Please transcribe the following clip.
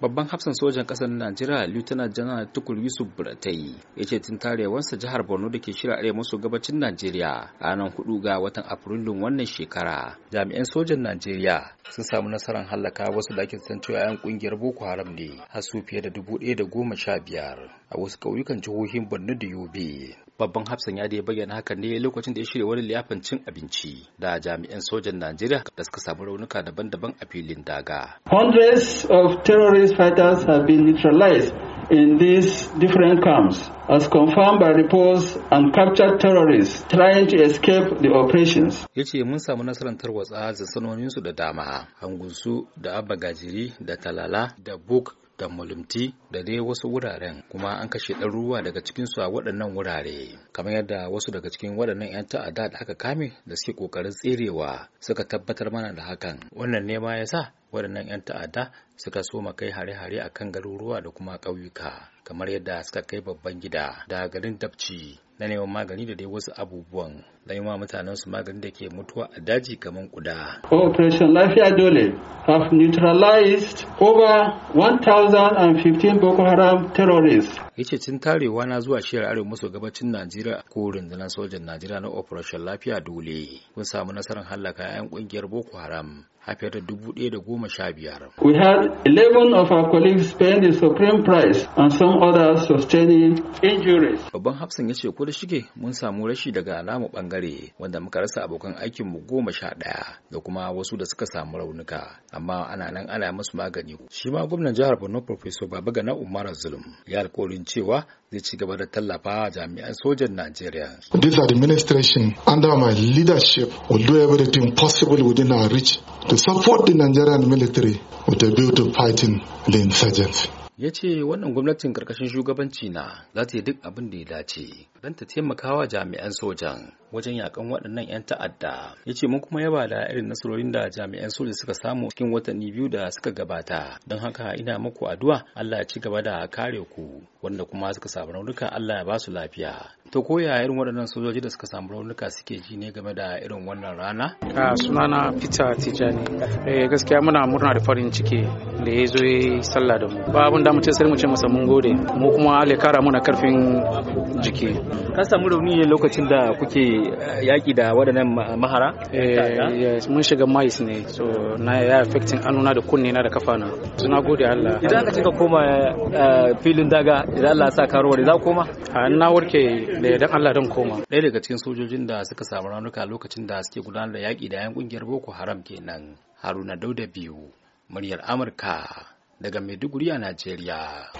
babban hafsan sojan ƙasar najeriya lieutenant general tukur yusuf buratai ya ce tun tarewarsa jihar borno da ke shirya arewa maso gabacin najeriya a ranar hudu ga watan afrilun wannan shekara jami'an sojan najeriya sun samu nasarar hallaka wasu da ake san cewa 'yan kungiyar boko haram ne har su fiye da dubu ɗaya da goma sha biyar a wasu ƙauyukan jihohin borno da yobe babban hafsan ya da ya bayyana haka ne lokacin da ya shirya wani liyafan cin abinci da jami'an sojan najeriya da suka samu raunuka daban-daban a filin daga hundreds of terrorist fighters have been neutralized in these different camps as confirmed by reports and captured terrorists trying to escape the operations. Ya ce mun samu nasarar tarwatsa sanoninsu da dama, hangunsu da abba da talala da buk da mulumti da dai wasu wuraren kuma an kashe ɗaruruwa daga cikinsu a waɗannan wurare kamar yadda wasu daga cikin waɗannan 'yan ta'adda da aka kame da suke ƙoƙarin tserewa suka tabbatar mana da hakan wannan nema ya sa waɗannan 'yan ta'adda suka soma kai hare-hare a kan garuruwa da kuma ƙauyuka kamar yadda suka kai babban gida da garin dabci na neman magani da dai wasu abubuwan don wa mutanen su magani da ke mutuwa a daji kamar kuda. Operation Lafiya Dole have neutralized over 1,015 Boko Haram terrorists. Yace tun tarewa na zuwa shiyar arewa maso gabacin Najeriya ko rundunar sojan Najeriya na Operation Lafiya Dole kun samu nasarar hallaka 'yan kungiyar Boko Haram hafiyar da dubu ɗaya da goma sha biyar. We had eleven of our colleagues paid the supreme price and some others sustaining injuries. Babban Hafsan ya ce ko da shige mun samu rashi daga namu bangare wanda muka rasa abokan aikin mu goma sha ɗaya da kuma wasu da suka samu raunuka amma ana nan ana musu magani. Shi ma gwamnan jihar Borno Professor Babagana Umar Zulum ya alkawarin cewa zai ci gaba da tallafa jami'an sojan Najeriya. This administration under my leadership will do everything possible within our reach to support the Nigerian military with a view to fighting the insurgency. ya ce wannan gwamnatin karkashin shugabanci na za ta yi duk abin da ya dace don ta taimaka wa jami'an sojan wajen yakan waɗannan 'yan ta'adda ya ce mun kuma yaba da irin nasarorin da jami'an soja suka samu cikin watanni biyu da suka gabata don haka ina muku addu'a Allah ya ci gaba da kare ku wanda kuma suka samu raunuka Allah ya ba su lafiya to ko ya irin waɗannan sojoji da suka samu raunuka suke ji ne game da irin wannan rana a sunana peter tijani eh gaskiya muna murna da farin ciki da ya zo sallah da mu ba abin da mu sai mu ce masa mun gode mu kuma Allah kara muna karfin jiki ka samu rauni ne lokacin da kuke eh, yaki da waɗannan mahara eh mun shiga mais ne so na ya affecting anuna da kunne na da kafana suna gode Allah idan ka cika koma eh, filin daga idan Allah ya sa ka warware za koma a na warke da dan Allah don koma ɗaya daga cikin sojojin da suka samu ranuka lokacin da suke gudanar da yaƙi da yan ƙungiyar Boko Haram kenan Haruna Dauda biyu muryar Amurka daga Maiduguri a Najeriya